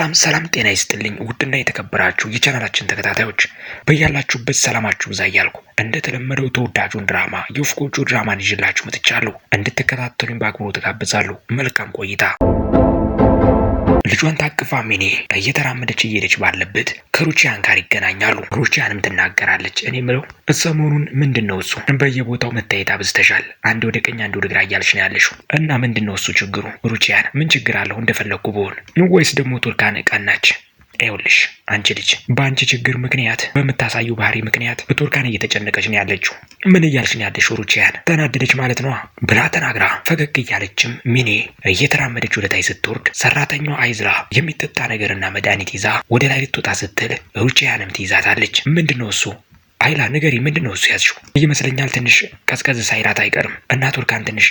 ሰላም ሰላም፣ ጤና ይስጥልኝ ውድና የተከበራችሁ የቻናላችን ተከታታዮች በያላችሁበት ሰላማችሁ ብዛ እያልኩ እንደተለመደው ተወዳጁን ድራማ የወፍ ጎጆ ድራማን ይዤላችሁ መጥቻለሁ። እንድትከታተሉኝ በአክብሮት ተጋብዛለሁ። መልካም ቆይታ ልጇን ታቅፋ ሚኔ እየተራመደች እየሄደች ባለበት ከሩቺያን ጋር ይገናኛሉ። ሩቺያንም ትናገራለች። እኔ ምለው ሰሞኑን ምንድን ነው እሱ በየቦታው መታየት አብዝተሻል። አንድ ወደ ቀኝ አንድ ወደ ግራ እያለች ነው ያለሽው እና ምንድን ነው እሱ ችግሩ? ሩቺያን ምን ችግር አለው እንደፈለግኩ ብሆን ወይስ ደግሞ ቱርካን ቀናች? ይኸውልሽ አንቺ ልጅ በአንቺ ችግር ምክንያት በምታሳዩ ባህሪ ምክንያት ብቱርካን እየተጨነቀች ነው ያለችው። ምን እያልሽ ነው ያለሽ ሩቺያን? ተናደደች ማለት ነዋ ብላ ተናግራ ፈገግ እያለችም ሚኔ እየተራመደች ወደ ታይ ስትወርድ ሰራተኛ አይዝራ የሚጠጣ ነገርና መድኃኒት ይዛ ወደ ላይ ልትወጣ ስትል ሩቺያንም ትይዛታለች። ምንድን ነው እሱ አይላ ንገሪ፣ ምንድን ነው እሱ ያዝሽው? ይመስለኛል ትንሽ ቀዝቀዝ ሳይላት አይቀርም እና ቱርካን ትንሽ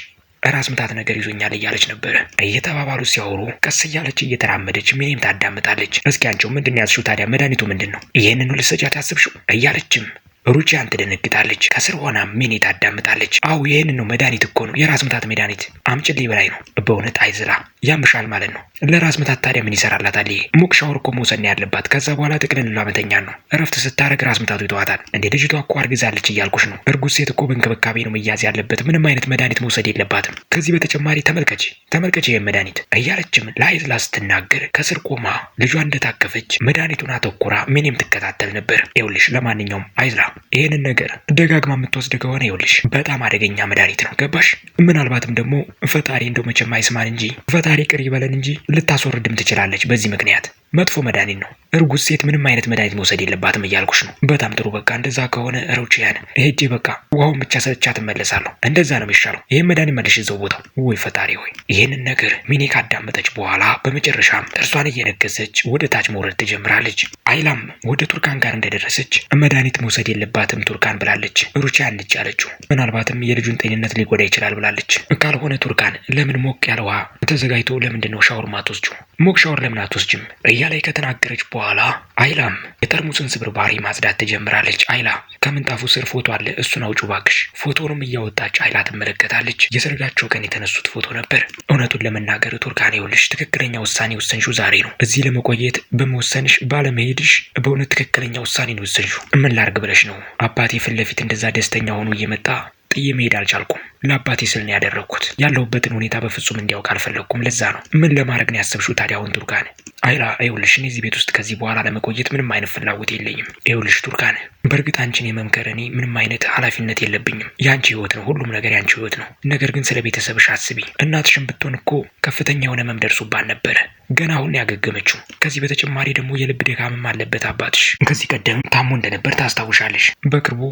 ራስ ምታት ነገር ይዞኛል እያለች ነበረ። እየተባባሉ ሲያወሩ ቀስ እያለች እየተራመደች ሚኔም ታዳምጣለች። እስኪ አንቺው ምንድን ያዝሽው ታዲያ መድኃኒቱ ምንድን ነው? ይህንኑ ልትሰጫት ያስብሽው እያለችም ሩቺያን ትደነግጣለች። ከስር ሆና ሜኔ ታዳምጣለች። አው ይህን ነው መድኃኒት እኮ ነው የራስ ምታት መድኃኒት አምጭልኝ በላይ ነው። በእውነት አይዝላ ያምሻል ማለት ነው። ለራስ ምታት ታዲያ ምን ይሰራላታል? ይሄ ሙቅ ሻወር እኮ መውሰድ ነው ያለባት። ከዛ በኋላ ጥቅልል መተኛ ነው። እረፍት ስታደርግ ራስ ምታቱ ይተዋታል። እንዴ ልጅቷ እኮ አርግዛለች እያልኩሽ ነው። እርጉዝ ሴት እኮ በእንክብካቤ ነው መያዝ ያለበት። ምንም አይነት መድኃኒት መውሰድ የለባትም። ከዚህ በተጨማሪ ተመልከች፣ ተመልከች ይህን መድኃኒት እያለችም ለአይዝላ ስትናገር ከስር ቆማ ልጇ እንደታቀፈች መድኃኒቱን አተኩራ ምን የምትከታተል ነበር። ይኸውልሽ ለማንኛውም አይዝላ ይህንን ነገር ደጋግማ የምትወስድ ከሆነ ይኸውልሽ በጣም አደገኛ መድኃኒት ነው። ገባሽ? ምናልባትም ደግሞ ፈጣሪ እንደው መቼም አይስማን እንጂ ፈጣሪ ቅር ይበለን እንጂ ልታስወርድም ትችላለች። በዚህ ምክንያት መጥፎ መድኃኒት ነው። እርጉዝ ሴት ምንም አይነት መድኃኒት መውሰድ የለባትም እያልኩሽ ነው። በጣም ጥሩ። በቃ እንደዛ ከሆነ ረውጭ ያን ሄጄ በቃ ውሃውን ብቻ ሰጥቻ ትመለሳለሁ። እንደዛ ነው የሚሻለው። ይህን መድኃኒት መልሽ ይዘው ቦታው። ወይ ፈጣሪ ሆይ! ይህንን ነገር ሚኔ ካዳመጠች በኋላ በመጨረሻም ጥርሷን እየነገሰች ወደ ታች መውረድ ትጀምራለች። አይላም ወደ ቱርካን ጋር እንደደረሰች መድኃኒት መውሰድ የለባትም ቱርካን ብላለች። ሩቻ እንጭ አለችው። ምናልባትም የልጁን ጤንነት ሊጎዳ ይችላል ብላለች። ካልሆነ ቱርካን ለምን ሞቅ ያለ ውሃ ተዘጋጅቶ ለምንድነው ነው ሻወር ማትወስጂው? ሞክሻውን ሻወር ለምን አትወስጅም እያላይ ከተናገረች በኋላ አይላም የጠርሙሱን ስብርባሪ ማጽዳት ትጀምራለች። አይላ ከምንጣፉ ስር ፎቶ አለ፣ እሱን አውጪ ባክሽ። ፎቶንም እያወጣች አይላ ትመለከታለች። የሰርጋቸው ቀን የተነሱት ፎቶ ነበር። እውነቱን ለመናገር ቱርካን፣ ይኸውልሽ ትክክለኛ ውሳኔ ወሰንሽው ዛሬ ነው። እዚህ ለመቆየት በመወሰንሽ ባለመሄድሽ በእውነት ትክክለኛ ውሳኔ ነው ወሰንሽው። ምን ላርግ ብለሽ ነው አባቴ ፊት ለፊት እንደዛ ደስተኛ ሆኖ እየመጣ ጥዬ መሄድ አልቻልኩም። ለአባቴ ስል ነው ያደረግኩት። ያለሁበትን ሁኔታ በፍጹም እንዲያውቅ አልፈለግኩም። ለዛ ነው። ምን ለማድረግ ነው ያሰብሽው ታዲያ? አሁን ቱርካን አይራ፣ ይኸውልሽ እኔ እዚህ ቤት ውስጥ ከዚህ በኋላ ለመቆየት ምንም አይነት ፍላጎት የለኝም። ይኸውልሽ ቱርካን፣ በእርግጥ አንቺን የመምከር እኔ ምንም አይነት ኃላፊነት የለብኝም። የአንቺ ህይወት ነው፣ ሁሉም ነገር የአንቺ ህይወት ነው። ነገር ግን ስለ ቤተሰብሽ አስቢ። እናትሽን ብትሆን እኮ ከፍተኛ የሆነ ህመም ደርሶባት ነበረ፣ ገና አሁን ያገገመችው። ከዚህ በተጨማሪ ደግሞ የልብ ድካምም አለበት አባትሽ። ከዚህ ቀደም ታሞ እንደነበር ታስታውሻለሽ። በቅርቡ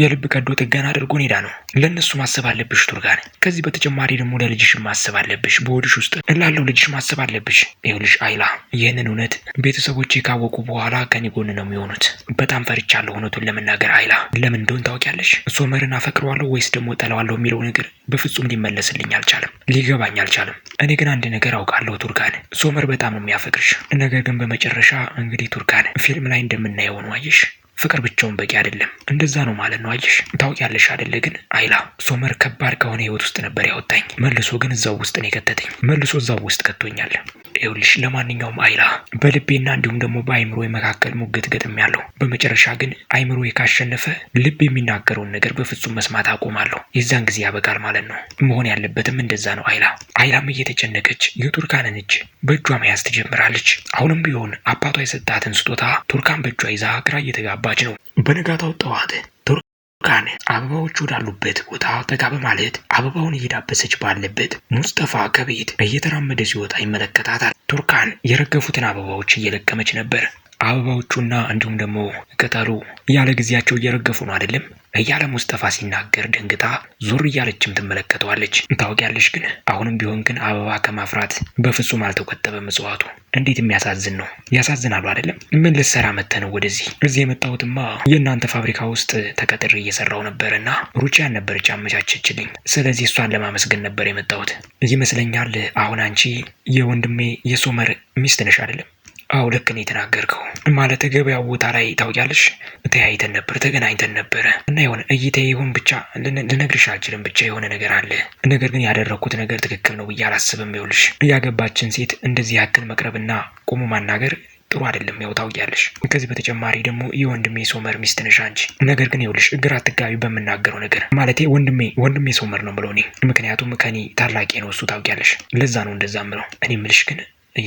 የልብ ቀዶ ጥገና አድርጎ ሄዳ ነው። ለእነሱ ማሰብ አለብሽ ቱርጋን ከዚህ በተጨማሪ ደግሞ ለልጅሽ ማሰብ አለብሽ። በሆድሽ ውስጥ ላለው ልጅሽ ማሰብ አለብሽ። ይኸውልሽ አይላ፣ ይህንን እውነት ቤተሰቦቼ ካወቁ በኋላ ከኔ ጎን ነው የሚሆኑት። በጣም ፈርቻለሁ እውነቱን ለመናገር አይላ። ለምን እንደሆን ታውቂያለሽ? ሶመርን አፈቅረዋለሁ ወይስ ደግሞ ጠለዋለሁ የሚለው ነገር በፍጹም ሊመለስልኝ አልቻለም፣ ሊገባኝ አልቻለም። እኔ ግን አንድ ነገር አውቃለሁ ቱርካን፣ ሶመር በጣም ነው የሚያፈቅርሽ። ነገር ግን በመጨረሻ እንግዲህ ቱርካን ፊልም ላይ እንደምናየው ነው አየሽ ፍቅር ብቻውን በቂ አይደለም። እንደዛ ነው ማለት ነው። አየሽ ታውቂያለሽ አይደለ? ግን አይላ ሶመር ከባድ ከሆነ ህይወት ውስጥ ነበር ያወጣኝ። መልሶ ግን እዛው ውስጥ ነው የከተተኝ። መልሶ እዛው ውስጥ ከቶኛል። ይኸውልሽ ለማንኛውም አይላ በልቤና እንዲሁም ደግሞ በአይምሮ መካከል ሙግት ገጥም ያለው በመጨረሻ ግን አይምሮ ካሸነፈ ልብ የሚናገረውን ነገር በፍጹም መስማት አቆማለሁ። የዛን ጊዜ ያበቃል ማለት ነው። መሆን ያለበትም እንደዛ ነው። አይላ አይላም እየተጨነቀች የቱርካንን እጅ በእጇ መያዝ ትጀምራለች። አሁንም ቢሆን አባቷ የሰጣትን ስጦታ ቱርካን በእጇ ይዛ ግራ እየተጋባች ነው። በነጋታው ጠዋት ቱርካን አበባዎች ወዳሉበት ቦታ ጠጋ በማለት አበባውን እየዳበሰች ባለበት ሙስጠፋ ከቤት እየተራመደ ሲወጣ ይመለከታታል። ቱርካን የረገፉትን አበባዎች እየለቀመች ነበር። አበባዎቹና እንዲሁም ደግሞ ቅጠሉ ያለ ጊዜያቸው እየረገፉ ነው አይደለም እያለ ሙስጠፋ ሲናገር ደንግጣ ዞር እያለችም ትመለከተዋለች። ታውቂያለሽ ግን አሁንም ቢሆን ግን አበባ ከማፍራት በፍጹም አልተቆጠበም እጽዋቱ። እንዴት የሚያሳዝን ነው! ያሳዝናሉ አይደለም። ምን ልሰራ መጥተህ ነው ወደዚህ? እዚህ የመጣሁትማ የእናንተ ፋብሪካ ውስጥ ተቀጥሬ ነበር ነበርና ሩቺያን ነበረች አመቻቸችልኝ። ስለዚህ እሷን ለማመስገን ነበር የመጣሁት። ይመስለኛል አሁን አንቺ የወንድሜ የሶመር ሚስት ነሽ አይደለም? አው ልክ ነው የተናገርከው። ማለት ገበያው ቦታ ላይ ታውቂያለሽ፣ ተያይተን ነበር፣ ተገናኝተን ነበረ እና የሆነ እይታ ይሁን ብቻ ልነግርሽ አልችልም፣ ብቻ የሆነ ነገር አለ። ነገር ግን ያደረግኩት ነገር ትክክል ነው ብዬ አላስብም። ይኸውልሽ ያገባችን ሴት እንደዚህ ያክል መቅረብና ቆሞ ማናገር ጥሩ አይደለም። ያው ታውቂያለሽ። ከዚህ በተጨማሪ ደግሞ የወንድሜ ሶመር ሚስት ነሽ አንቺ። ነገር ግን ይኸውልሽ እግር አትጋቢ በምናገረው ነገር ማለቴ ወንድሜ ወንድሜ ሶመር ነው ብለው እኔ ምክንያቱም ከኔ ታላቂ ነው እሱ ታውቂያለሽ። ለዛ ነው እንደዛ ምለው። እኔ ምልሽ ግን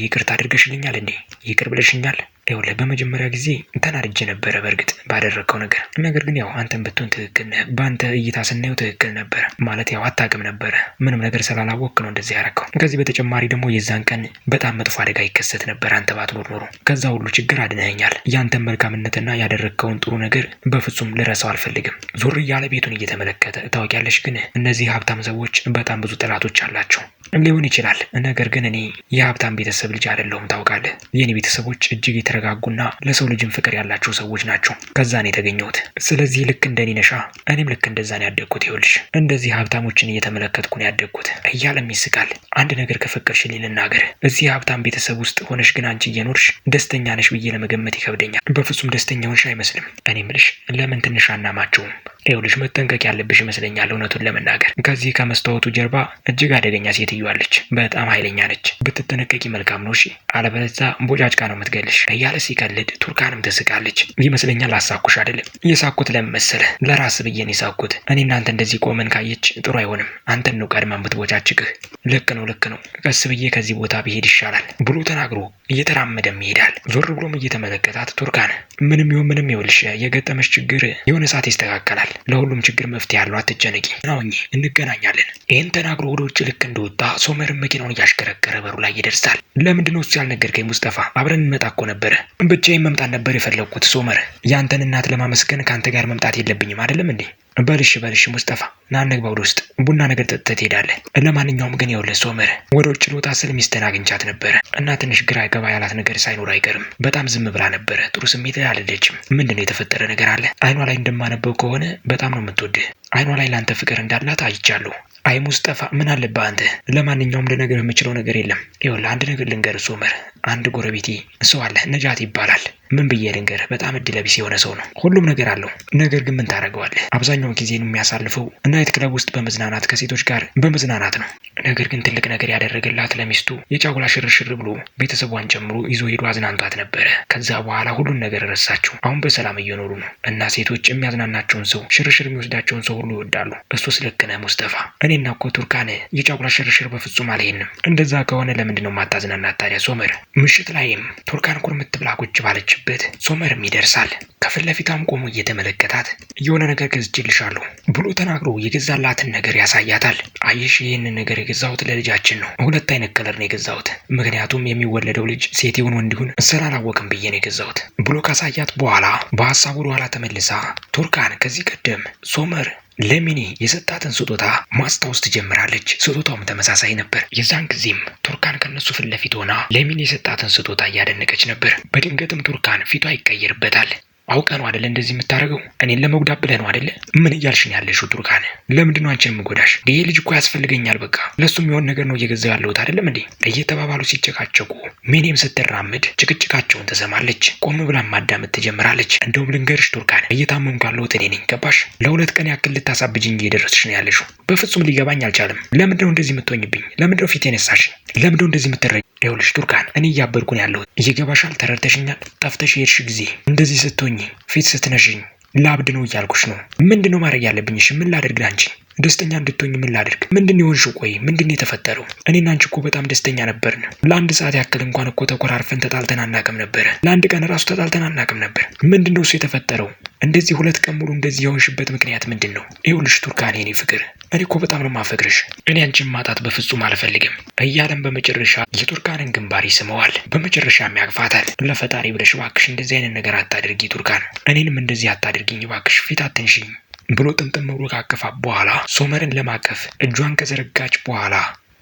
ይቅርታ አድርገሽልኛል እንዴ? ይቅር ብለሽኛል? ይኸውልህ በመጀመሪያ ጊዜ ተናድጄ ነበረ በእርግጥ ባደረግከው ነገር። ነገር ግን ያው አንተን ብትሆን ትክክል ነህ። በአንተ እይታ ስናየው ትክክል ነበረ ማለት ያው አታውቅም ነበረ ምንም ነገር ስላላወቅክ ነው እንደዚህ ያረከው። ከዚህ በተጨማሪ ደግሞ የዛን ቀን በጣም መጥፎ አደጋ ይከሰት ነበር አንተ ባትኖር ኖሮ። ከዛ ሁሉ ችግር አድነኸኛል። ያንተን መልካምነትና ያደረግከውን ጥሩ ነገር በፍጹም ልረሳው አልፈልግም። ዞር እያለ ቤቱን እየተመለከተ ታውቂያለሽ፣ ግን እነዚህ ሀብታም ሰዎች በጣም ብዙ ጠላቶች አላቸው ሊሆን ይችላል። ነገር ግን እኔ የሀብታም ቤተሰብ ልጅ አይደለሁም ታውቃለህ። የኔ ቤተሰቦች እጅግ የተረጋጉና ለሰው ልጅም ፍቅር ያላቸው ሰዎች ናቸው። ከዛ ነው የተገኘሁት። ስለዚህ ልክ እንደኔ ነሻ። እኔም ልክ እንደዛ ነው ያደግኩት። ይኸውልሽ እንደዚህ ሀብታሞችን እየተመለከትኩ ነው ያደግኩት እያለም ይስቃል። አንድ ነገር ከፈቀድሽልኝ ልናገር። እዚህ ሀብታም ቤተሰብ ውስጥ ሆነሽ ግን አንቺ እየኖርሽ ደስተኛ ነሽ ብዬ ለመገመት ይከብደኛል። በፍጹም ደስተኛ ሆንሽ አይመስልም። እኔ ምልሽ ለምን ትንሽ አናማቸውም? ይኸውልሽ መጠንቀቅ ያለብሽ ይመስለኛል። እውነቱን ለመናገር ከዚህ ከመስታወቱ ጀርባ እጅግ አደገኛ ሴትዮ በጣም ኃይለኛ ነች። ብትጠነቀቂ መልካም ነው። እሺ አለበለዚያ ቦጫጭቃ ነው የምትገልሽ። እያለ ሲቀልድ ቱርካንም ትስቃለች። ይመስለኛል አሳኩሽ አይደለም የሳኩት መሰለ ለራስ ብዬን የሳኩት እኔ እናንተ እንደዚህ ቆመን ካየች ጥሩ አይሆንም። አንተን ነው ቀድማ ምትቦጫጭቅህ። ልክ ነው ልክ ነው፣ ቀስ ብዬ ከዚህ ቦታ ብሄድ ይሻላል ብሎ ተናግሮ እየተራመደም ይሄዳል። ዞር ብሎም እየተመለከታት ቱርካን ምንም ይሁን ምንም ይኸውልሽ የገጠመሽ ችግር የሆነ ሰዓት ይስተካከላል። ለሁሉም ችግር መፍትሄ ያለው አትጨነቂ፣ ናውኝ እንገናኛለን። ይህን ተናግሮ ወደ ውጭ ልክ እንደወጣ ሶመርን መኪናውን እያሽከረከረ በሩ ላይ ይደርሳል። ለምንድነው እሱ ያልነገርከኝ ሙስጠፋ? አብረን እንመጣ እኮ ነበር ብቻዬን መምጣት ነበር የፈለግኩት ሶመር። ያንተን እናት ለማመስገን ከአንተ ጋር መምጣት የለብኝም አይደለም እንዴ? በልሽ በልሽ ሙስጠፋ ና እንግባ ወደ ውስጥ ቡና ነገር ጠጥተህ ትሄዳለህ። ለማንኛውም ግን ይኸውልህ ሶመር ወደ ውጭ ልወጣ ስል ሚስትህን አግኝቻት ነበረ እና ትንሽ ግራ ገባ ያላት ነገር ሳይኖር አይቀርም። በጣም ዝም ብላ ነበረ። ጥሩ ስሜት ላይ አልሄደችም። ምንድን ነው የተፈጠረ ነገር አለ? አይኗ ላይ እንደማነበው ከሆነ በጣም ነው የምትወድህ። አይኗ ላይ ለአንተ ፍቅር እንዳላት አይቻለሁ። አይ ሙስጠፋ ምን አለብህ አንተ። ለማንኛውም ልነግርህ የምችለው ነገር የለም። ይኸውልህ አንድ ነገር ልንገርህ ሶመር አንድ ጎረቤቴ ሰው አለ ነጃት ይባላል ምን ብዬ ልንገርህ፣ በጣም ቢስ የሆነ ሰው ነው። ሁሉም ነገር አለው። ነገር ግን ምን ታደርገዋለህ? አብዛኛውን ጊዜን የሚያሳልፈው ናይት ክለብ ውስጥ በመዝናናት ከሴቶች ጋር በመዝናናት ነው። ነገር ግን ትልቅ ነገር ያደረገላት ለሚስቱ የጫጉላ ሽርሽር ብሎ ቤተሰቧን ጨምሮ ይዞ ሄዶ አዝናንቷት ነበረ። ከዛ በኋላ ሁሉን ነገር ረሳችው። አሁን በሰላም እየኖሩ ነው እና ሴቶች የሚያዝናናቸውን ሰው፣ ሽርሽር የሚወስዳቸውን ሰው ሁሉ ይወዳሉ። እሱስ ልክ ነህ ሙስጠፋ። እኔና እኮ ቱርካን የጫጉላ ሽርሽር በፍጹም አልሄንም። እንደዛ ከሆነ ለምንድነው ማታዝናናት ታዲያ ሶመር? ምሽት ላይም ቱርካን ኩርምት ብላ ቁጭ ባለች በተኛችበት ሶመርም ይደርሳል። ከፊት ለፊቷም ቆሞ እየተመለከታት የሆነ ነገር ገዝቼልሻለሁ ብሎ ተናግሮ የገዛላትን ነገር ያሳያታል። አየሽ ይህንን ነገር የገዛሁት ለልጃችን ነው። ሁለት አይነት ከለር ነው የገዛሁት፣ ምክንያቱም የሚወለደው ልጅ ሴት ይሁን ወንድ ይሁን ስላላወቅም ብዬ ነው የገዛሁት ብሎ ካሳያት በኋላ በሀሳቡ ወደኋላ ተመልሳ ቱርካን ከዚህ ቀደም ሶመር ለሚኒ የሰጣትን ስጦታ ማስታወስ ትጀምራለች። ስጦታውም ተመሳሳይ ነበር። የዛን ጊዜም ቱርካን ከነሱ ፊት ለፊት ሆና ለሚኒ የሰጣትን ስጦታ እያደነቀች ነበር። በድንገትም ቱርካን ፊቷ ይቀየርበታል። አውቀ ነው አደለ እንደዚህ የምታደርገው? እኔን ለመጉዳት ብለህ ነው አደለ? ምን እያልሽ ነው ያለሽው? ቱርካን ለምንድን ነው አንቺን የምጎዳሽ? ይሄ ልጅ እኮ ያስፈልገኛል። በቃ ለእሱም የሆን ነገር ነው እየገዛው ያለሁት አደለም እንዴ? እየተባባሉ ሲጨቃጨቁ ሜኔም ስትራመድ ጭቅጭቃቸውን ትሰማለች። ቆም ብላ ማዳመጥ ትጀምራለች። እንደውም ልንገርሽ ቱርካን፣ እየታመም ካለሁት እኔ ነኝ። ገባሽ? ለሁለት ቀን ያክል ልታሳብጅኝ እየደረስሽ ነው ያለሽው። በፍጹም ሊገባኝ አልቻለም። ለምንድነው እንደዚህ የምትሆኝብኝ? ለምንድነው ፊት የነሳሽ? ለምንድነው እንደዚህ የምትረኝ ይኸውልሽ ቱርካን፣ እኔ እያበድኩ ነው ያለሁት። እየገባሻል? ተረድተሽኛል? ጠፍተሽ የሄድሽ ጊዜ እንደዚህ ስትሆኝ ፊት ስትነሽኝ ላብድ ነው እያልኩሽ ነው። ምንድን ነው ማድረግ ያለብኝ? እሺ ምን ላደርግ ላንቺ? ደስተኛ እንድትሆኝ ምን ላድርግ? ምንድን የሆንሽው? ቆይ ምንድን የተፈጠረው? እኔና አንቺ እኮ በጣም ደስተኛ ነበርን። ለአንድ ሰዓት ያክል እንኳን እኮ ተኮራርፈን ተጣልተን አናቅም ነበረ። ለአንድ ቀን ራሱ ተጣልተን አናቅም ነበር። ምንድን ነው እሱ የተፈጠረው? እንደዚህ ሁለት ቀን ሙሉ እንደዚህ የሆንሽበት ምክንያት ምንድን ነው? ይኸውልሽ ቱርካን፣ የኔ ፍቅር፣ እኔ እኮ በጣም ነው እኔ አንቺን ማጣት በፍጹም አልፈልግም እያለም በመጨረሻ የቱርካንን ግንባር ይስመዋል። በመጨረሻም ያቅፋታል። ለፈጣሪ ብለሽ እባክሽ እንደዚህ አይነት ነገር አታድርጊ ቱርካን፣ እኔንም እንደዚህ አታድርጊኝ እባክሽ፣ ፊት አትንሽኝ ብሎ ጥምጥም ብሎ ካቀፋት በኋላ ሶመርን ለማቀፍ እጇን ከዘረጋች በኋላ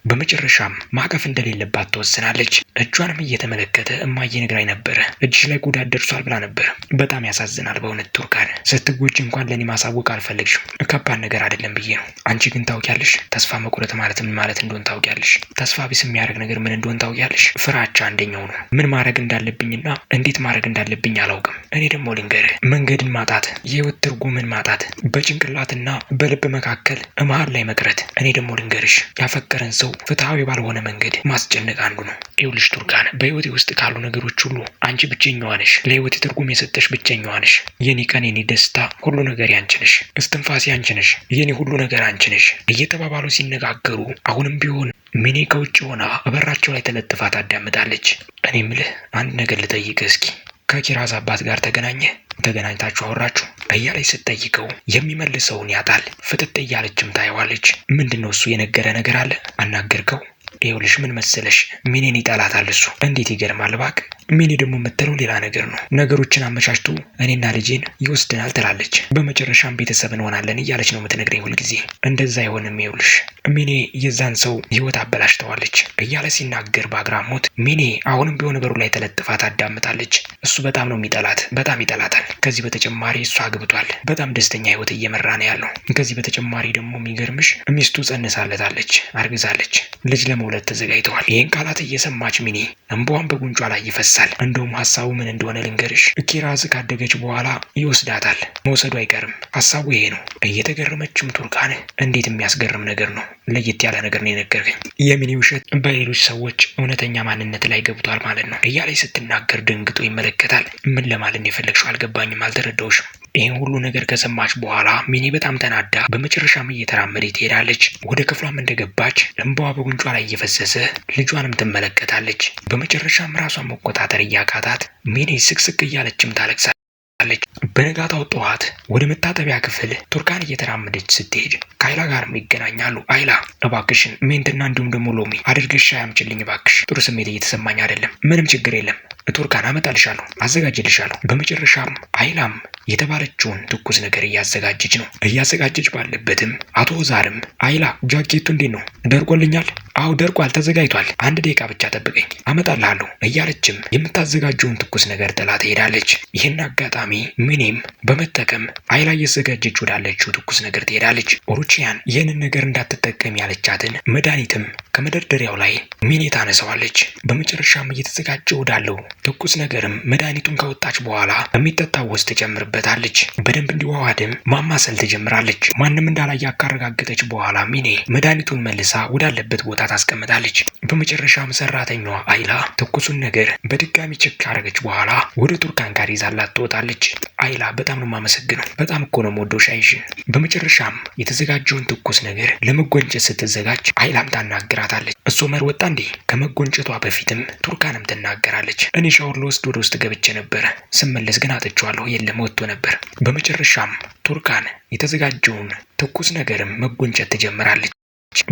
በመጨረሻም ማቀፍ እንደሌለባት ትወስናለች። እጇንም እየተመለከተ እማዬ ነግራኝ ነበረ እጅሽ ላይ ጉዳት ደርሷል ብላ ነበር። በጣም ያሳዝናል በእውነት ቱርካን፣ ስትጎጂ እንኳን ለእኔ ማሳወቅ አልፈለግሽም። ከባድ ነገር አይደለም ብዬ ነው። አንቺ ግን ታውቂያለሽ ተስፋ መቁረጥ ማለት ምን ማለት እንደሆን ታውቂያለሽ። ተስፋ ቢስ የሚያደርግ ነገር ምን እንደሆን ታውቂያለሽ። ፍራቻ አንደኛው ነው። ምን ማድረግ እንዳለብኝና እንዴት ማድረግ እንዳለብኝ አላውቅም። እኔ ደግሞ ልንገርህ መንገድን ማጣት፣ የህይወት ትርጉምን ማጣት፣ በጭንቅላትና በልብ መካከል መሀል ላይ መቅረት። እኔ ደግሞ ልንገርሽ ያፈቀረን ሰው ፍትሐዊ ባልሆነ መንገድ ማስጨነቅ አንዱ ነው። ይኸውልሽ ቱርካን፣ በህይወቴ ውስጥ ካሉ ነገሮች ሁሉ አንቺ ብቸኛዋ ነሽ። ለህይወቴ ትርጉም የሰጠሽ ብቸኛዋ ነሽ። የኔ ቀን፣ የኔ ደስታ፣ ሁሉ ነገር ያንቺ ነሽ። እስትንፋሴ አንቺ ነሽ። የኔ ሁሉ ነገር አንቺ ነሽ እየተባባሉ ሲነጋገሩ አሁንም ቢሆን ሚኔ ከውጭ ሆና በራቸው ላይ ተለጥፋ ታዳምጣለች። እኔ ምልህ አንድ ነገር ልጠይቅህ እስኪ ከኪራዝ አባት ጋር ተገናኘ፣ ተገናኝታችሁ አወራችሁ እያለች ስትጠይቀው የሚመልሰውን ያጣል። ፍጥጥ እያለችም ታየዋለች። ምንድን ነው እሱ የነገረ ነገር አለ አናገርከው ይኸውልሽ ምን መሰለሽ ሚኔን ይጠላታል እሱ። እንዴት ይገርማል ባቅ ሚኔ ደግሞ የምትለው ሌላ ነገር ነው። ነገሮችን አመቻችቶ እኔና ልጄን ይወስድናል ትላለች። በመጨረሻም ቤተሰብ እንሆናለን እያለች ነው የምትነግረኝ ሁልጊዜ። እንደዛ አይሆንም ይኸውልሽ ሚኔ የዛን ሰው ህይወት አበላሽተዋለች እያለ ሲናገር በአግራሞት ሚኔ አሁንም ቢሆን ነገሩ ላይ ተለጥፋ ታዳምጣለች። እሱ በጣም ነው የሚጠላት፣ በጣም ይጠላታል። ከዚህ በተጨማሪ እሱ አግብቷል። በጣም ደስተኛ ህይወት እየመራ ነው ያለው። ከዚህ በተጨማሪ ደግሞ የሚገርምሽ ሚስቱ ጸንሳለታለች፣ አርግዛለች ልጅ ለመውለ ለመውለድ ተዘጋጅተዋል። ይህን ቃላት እየሰማች ሚኒ እንባዋን በጉንጯ ላይ ይፈሳል። እንደውም ሀሳቡ ምን እንደሆነ ልንገርሽ፣ ኪራዝ ካደገች በኋላ ይወስዳታል። መውሰዱ አይቀርም። ሀሳቡ ይሄ ነው። እየተገረመችም ቱርካን እንዴት የሚያስገርም ነገር ነው፣ ለየት ያለ ነገር ነው የነገርከኝ። የሚኒ ውሸት በሌሎች ሰዎች እውነተኛ ማንነት ላይ ገብቷል ማለት ነው እያለች ስትናገር ደንግጦ ይመለከታል። ምን ለማለት የፈለግሽው አልገባኝም፣ አልተረዳውሽም። ይህን ሁሉ ነገር ከሰማች በኋላ ሚኒ በጣም ተናዳ በመጨረሻም እየተራመደች ትሄዳለች። ወደ ክፍሏም እንደገባች እንባዋ በጉንጯ ላይ እየፈሰሰ ልጇንም ትመለከታለች። በመጨረሻም ራሷን መቆጣጠር እያቃታት ሚኒ ስቅስቅ እያለችም ታለቅሳለች። በነጋታው ጠዋት ወደ መታጠቢያ ክፍል ቱርካን እየተራመደች ስትሄድ ከአይላ ጋርም ይገናኛሉ። አይላ እባክሽን ሜንትና እንዲሁም ደግሞ ሎሚ አድርገሽ ሻይ አምጪልኝ እባክሽ፣ ጥሩ ስሜት እየተሰማኝ አይደለም። ምንም ችግር የለም ቱርካን፣ አመጣልሻለሁ፣ አዘጋጅልሻለሁ። በመጨረሻም አይላም የተባለችውን ትኩስ ነገር እያዘጋጀች ነው። እያዘጋጀች ባለበትም አቶ ዛርም አይላ ጃኬቱ እንዴት ነው ደርቆልኛል? አዎ ደርቋል፣ ተዘጋጅቷል። አንድ ደቂቃ ብቻ ጠብቀኝ አመጣልሃለሁ እያለችም የምታዘጋጀውን ትኩስ ነገር ጥላ ትሄዳለች። ይህን አጋጣሚ ሚኔም በመጠቀም አይላ እየዘጋጀች ወዳለችው ትኩስ ነገር ትሄዳለች። ሩችያን ይህንን ነገር እንዳትጠቀም ያለቻትን መድኃኒትም ከመደርደሪያው ላይ ሚኔ ታነሳዋለች። በመጨረሻም እየተዘጋጀ ወዳለው ትኩስ ነገርም መድኃኒቱን ካወጣች በኋላ የሚጠጣ ውስጥ ትጨምርበት ትጠቀምበታለች። በደንብ እንዲዋዋድም ማማሰል ትጀምራለች። ማንም እንዳላየ ካረጋገጠች በኋላ ሚኔ መድኃኒቱን መልሳ ወዳለበት ቦታ ታስቀምጣለች። በመጨረሻም ሰራተኛዋ አይላ ትኩሱን ነገር በድጋሚ ችክ ካረገች በኋላ ወደ ቱርካን ጋር ይዛላት ትወጣለች። አይላ በጣም ነው የማመሰግነው፣ በጣም እኮ ነው የምወደው ሻይሽን። በመጨረሻም የተዘጋጀውን ትኩስ ነገር ለመጎንጨት ስትዘጋጅ አይላም ታናግራታለች። እሱ መር ወጣ እንዴ? ከመጎንጨቷ በፊትም ቱርካንም ትናገራለች። እኔ ሻወር ልወስድ ወደ ውስጥ ገብቼ ነበር ስመለስ ግን አጥቼዋለሁ፣ የለም ወጥቶ ነበር። በመጨረሻም ቱርካን የተዘጋጀውን ትኩስ ነገርም መጎንጨት ትጀምራለች።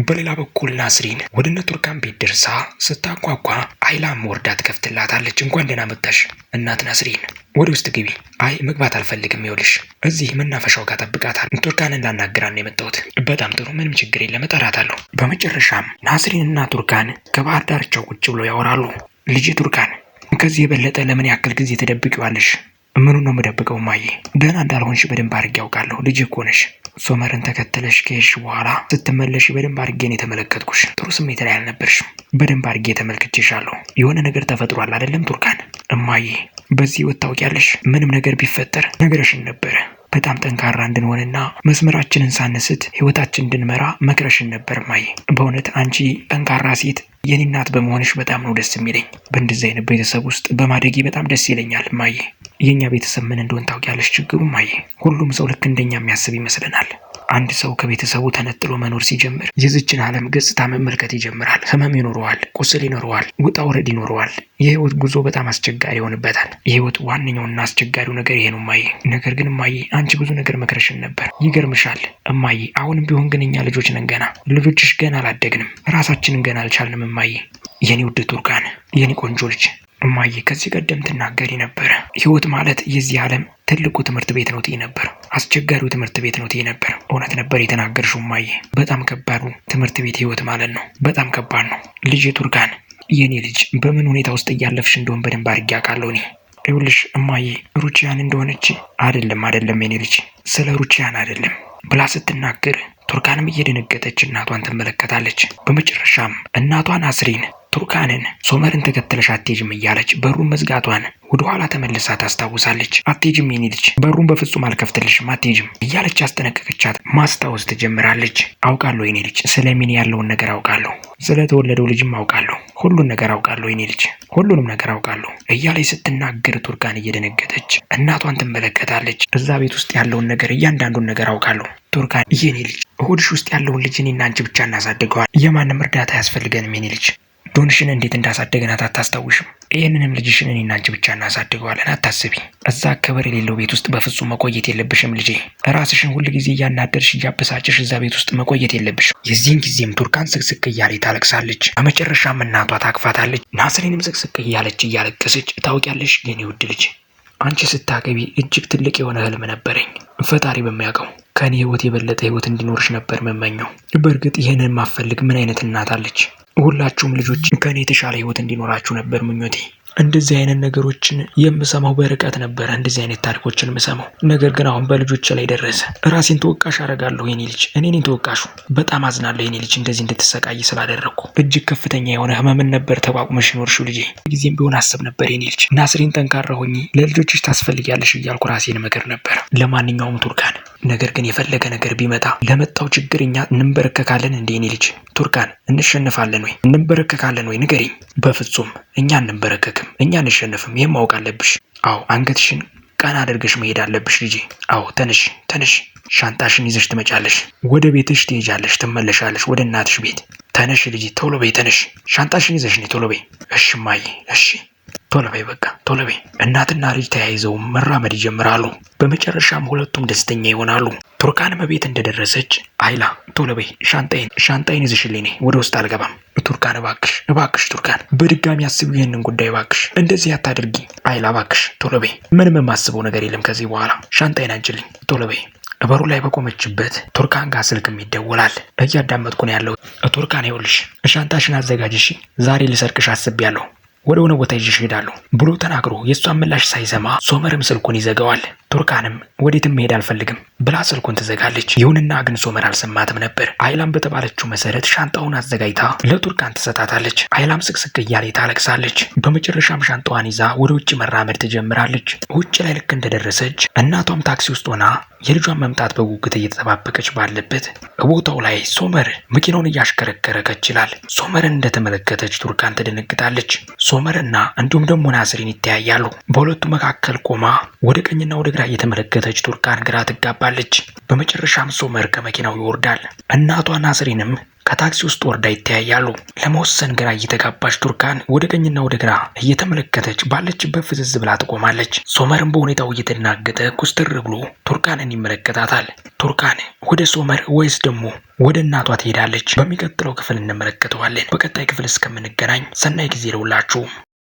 በሌላ በኩል ናስሪን ወደ እነ ቱርካን ቤት ደርሳ ስታቋቋ አይላም ወርዳ ትከፍትላታለች። እንኳን ደህና መጣሽ እናት ናስሪን፣ ወደ ውስጥ ግቢ። አይ መግባት አልፈልግም፣ ይኸውልሽ እዚህ መናፈሻው ጋር ጠብቃታል። ቱርካንን ላናገራት ነው የመጣሁት። በጣም ጥሩ፣ ምንም ችግር የለም፣ እጠራታለሁ። በመጨረሻም ናስሪን እና ቱርካን ከባህር ዳርቻው ቁጭ ብለው ያወራሉ። ልጅ ቱርካን ከዚህ የበለጠ ለምን ያክል ጊዜ ተደብቂዋለሽ? ምኑን ነው የምደብቀው? እማዬ ደህና እንዳልሆንሽ በደንብ አድርጌ ያውቃለሁ። ልጅ እኮ ነሽ። ሶመርን ተከተለሽ ከሄድሽ በኋላ ስትመለሽ በደንብ አድርጌን የተመለከትኩሽ፣ ጥሩ ስሜት ላይ አልነበርሽም። በደንብ አድርጌ ተመልክቼሻለሁ። የሆነ ነገር ተፈጥሯል አይደለም ቱርካን? እማዬ በዚህ ወት ታውቂያለሽ፣ ምንም ነገር ቢፈጠር ነገረሽን ነበረ በጣም ጠንካራ እንድንሆንና መስመራችንን ሳንስት ህይወታችን እንድንመራ መክረሽን ነበር እማዬ። በእውነት አንቺ ጠንካራ ሴት የኔ እናት በመሆንሽ በጣም ነው ደስ የሚለኝ። በእንደዚህ አይነት ቤተሰብ ውስጥ በማደጌ በጣም ደስ ይለኛል እማዬ። የእኛ ቤተሰብ ምን እንደሆን ታውቂያለሽ? ችግሩ ማየ ሁሉም ሰው ልክ እንደኛ የሚያስብ ይመስለናል። አንድ ሰው ከቤተሰቡ ተነጥሎ መኖር ሲጀምር የዚችን ዓለም ገጽታ መመልከት ይጀምራል። ህመም ይኖረዋል፣ ቁስል ይኖረዋል፣ ውጣ ውረድ ይኖረዋል። የህይወት ጉዞ በጣም አስቸጋሪ ይሆንበታል። የህይወት ዋነኛውና አስቸጋሪው ነገር ይሄ ነው እማዬ። ነገር ግን እማዬ አንቺ ብዙ ነገር መክረሽን ነበር። ይገርምሻል እማዬ፣ አሁንም ቢሆን ግን እኛ ልጆች ነን ገና። ልጆችሽ ገና አላደግንም፣ ራሳችንን ገና አልቻልንም እማዬ። የኔ ውድ ቱርካን፣ የኔ ቆንጆ ልጅ እማዬ ከዚህ ቀደም ትናገሪ ነበረ። ህይወት ማለት የዚህ ዓለም ትልቁ ትምህርት ቤት ነው ትይ ነበር። አስቸጋሪው ትምህርት ቤት ነው ትይ ነበር። እውነት ነበር የተናገርሽው እማዬ። በጣም ከባዱ ትምህርት ቤት ህይወት ማለት ነው። በጣም ከባድ ነው። ልጄ ቱርካን፣ የእኔ ልጅ በምን ሁኔታ ውስጥ እያለፍሽ እንደሆን በደንብ አድርጌ አውቃለሁ እኔ ይኸውልሽ እማዬ ሩቺያን እንደሆነች አይደለም አይደለም የኔ ልጅ ስለ ሩቺያን አይደለም ብላ ስትናገር ቱርካንም እየደነገጠች እናቷን ትመለከታለች። በመጨረሻም እናቷን አስሪን ቱርካንን ሶመርን ተከትለሽ አትሄጂም እያለች በሩን መዝጋቷን ወደኋላ ተመልሳ ታስታውሳለች። አትሄጂም የኔ ልጅ በሩን በፍጹም አልከፍትልሽም አትሄጂም እያለች ያስጠነቀቀቻት ማስታወስ ትጀምራለች። አውቃለሁ የኔ ልጅ ስለ ሚኒ ያለውን ነገር አውቃለሁ፣ ስለተወለደው ልጅም አውቃለሁ፣ ሁሉን ነገር አውቃለሁ የኔ ልጅ ሁሉንም ነገር አውቃለሁ እያለች ስትናገር ቱርካን እየደነገጠች እናቷን ትመለከታለች። እዛ ቤት ውስጥ ያለውን ነገር እያንዳንዱን ነገር አውቃለሁ ቱርካን የኔ ልጅ ሆድሽ ውስጥ ያለውን ልጅ እኔና አንቺ ብቻ እናሳድገዋል። የማንም እርዳታ አያስፈልገንም የኔ ልጅ ዶንሽን እንዴት እንዳሳደግናት አታስታውሽም? ይህንንም ልጅሽን እኔና አንቺ ብቻ እናሳድገዋለን፣ አታስቢ። እዛ ክብር የሌለው ቤት ውስጥ በፍጹም መቆየት የለብሽም ልጄ። ራስሽን ሁል ጊዜ እያናደርሽ እያበሳጭሽ እዛ ቤት ውስጥ መቆየት የለብሽም። የዚህን ጊዜም ቱርካን ስቅስቅ እያለ ታለቅሳለች። በመጨረሻም እናቷ ታቅፋታለች። ናስሬንም ስቅስቅ እያለች እያለቀሰች ታውቂያለሽ፣ የኔ ውድ ልጅ አንቺ ስታገቢ እጅግ ትልቅ የሆነ ህልም ነበረኝ ፈጣሪ በሚያውቀው ከኔ ህይወት የበለጠ ህይወት እንዲኖርሽ ነበር መመኘው። በእርግጥ ይህንን ማፈልግ ምን አይነት እናት አለች? ሁላችሁም ልጆች ከኔ የተሻለ ህይወት እንዲኖራችሁ ነበር ምኞቴ። እንደዚህ አይነት ነገሮችን የምሰማው በርቀት ነበረ፣ እንደዚህ አይነት ታሪኮችን የምሰማው። ነገር ግን አሁን በልጆች ላይ ደረሰ። ራሴን ተወቃሽ አደርጋለሁ። የኔ ልጅ እኔ ነኝ ተወቃሹ። በጣም አዝናለሁ የኔ ልጅ እንደዚህ እንድትሰቃይ ስላደረግኩ። እጅግ ከፍተኛ የሆነ ህመምን ነበር ተቋቁመሽ ኖርሽው ልጄ። ጊዜም ቢሆን አስብ ነበር የኔ ልጅ። ናስሪን ጠንካራ ሆኚ ለልጆችሽ ታስፈልጊያለሽ እያልኩ ራሴን መከር ነበር። ለማንኛውም ቱርካን ነገር ግን የፈለገ ነገር ቢመጣ ለመጣው ችግር እኛ እንንበረከካለን እንዴ? እኔ ልጅ ቱርካን፣ እንሸንፋለን ወይ እንንበረከካለን ወይ ንገሪኝ። በፍጹም እኛ እንንበረከክ አንወድቅም፣ እኛ አንሸነፍም። ይህም ማወቅ አለብሽ። አዎ አንገትሽን ቀና አድርገሽ መሄድ አለብሽ ልጄ። አዎ ተነሽ፣ ተነሽ። ሻንጣሽን ይዘሽ ትመጫለሽ፣ ወደ ቤትሽ ትሄጃለሽ፣ ትመለሻለሽ ወደ እናትሽ ቤት። ተነሽ ልጄ፣ ቶሎ በይ፣ ተነሽ። ሻንጣሽን ይዘሽ ነይ፣ ቶሎ በይ። እሺ እማዬ፣ እሺ ቶሎ በይ በቃ ቶሎ በይ። እናትና ልጅ ተያይዘው መራመድ ይጀምራሉ። በመጨረሻም ሁለቱም ደስተኛ ይሆናሉ። ቱርካን መቤት እንደደረሰች አይላ ቶሎ በይ ሻንጣይን ሻንጣይን ይዝሽልኝ፣ ወደ ውስጥ አልገባም። ቱርካን እባክሽ እባክሽ፣ ቱርካን በድጋሚ አስቢው ይህንን ጉዳይ እባክሽ፣ እንደዚህ አታድርጊ። አይላ እባክሽ ቶሎ በይ፣ ምንም የማስበው ነገር የለም ከዚህ በኋላ ሻንጣይን አንችልኝ፣ ቶሎ በይ በሩ ላይ በቆመችበት ቱርካን ጋር ስልክም ይደወላል። እያዳመጥኩ ነው ያለው። ቱርካን ይኸውልሽ፣ ሻንጣሽን አዘጋጅሽ፣ ዛሬ ልሰርቅሽ አስቤያለሁ ወደ ሆነ ቦታ ይዤሽ እሄዳለሁ ብሎ ተናግሮ የእሷን ምላሽ ሳይሰማ ሶመርም ስልኩን ይዘጋዋል። ቱርካንም ወዴትም መሄድ አልፈልግም ብላ ስልኩን ትዘጋለች። ይሁንና ግን ሶመር አልሰማትም ነበር። አይላም በተባለችው መሰረት ሻንጣውን አዘጋጅታ ለቱርካን ትሰጣታለች። አይላም ስቅስቅ እያለ ታለቅሳለች። በመጨረሻም ሻንጣዋን ይዛ ወደ ውጭ መራመድ ትጀምራለች። ውጭ ላይ ልክ እንደደረሰች እናቷም ታክሲ ውስጥ ሆና የልጇን መምጣት በጉጉት እየተጠባበቀች ባለበት ቦታው ላይ ሶመር መኪናውን እያሽከረከረ ይችላል። ሶመርን እንደተመለከተች ቱርካን ትደነግጣለች። ሶመርና እንዲሁም ደግሞ ናስሪን ይተያያሉ። በሁለቱ መካከል ቆማ ወደ ቀኝና ወደ ግራ ወዲያ እየተመለከተች ቱርካን ግራ ትጋባለች። በመጨረሻም ሶመር ከመኪናው ይወርዳል። እናቷ ናስሪንም ከታክሲ ውስጥ ወርዳ ይተያያሉ። ለመወሰን ግራ እየተጋባች ቱርካን ወደ ቀኝና ወደ ግራ እየተመለከተች ባለችበት ፍዝዝ ብላ ትቆማለች። ሶመርም በሁኔታው እየተደናገጠ ኩስትር ብሎ ቱርካንን ይመለከታታል። ቱርካን ወደ ሶመር ወይስ ደግሞ ወደ እናቷ ትሄዳለች? በሚቀጥለው ክፍል እንመለከተዋለን። በቀጣይ ክፍል እስከምንገናኝ ሰናይ ጊዜ ለሁላችሁም።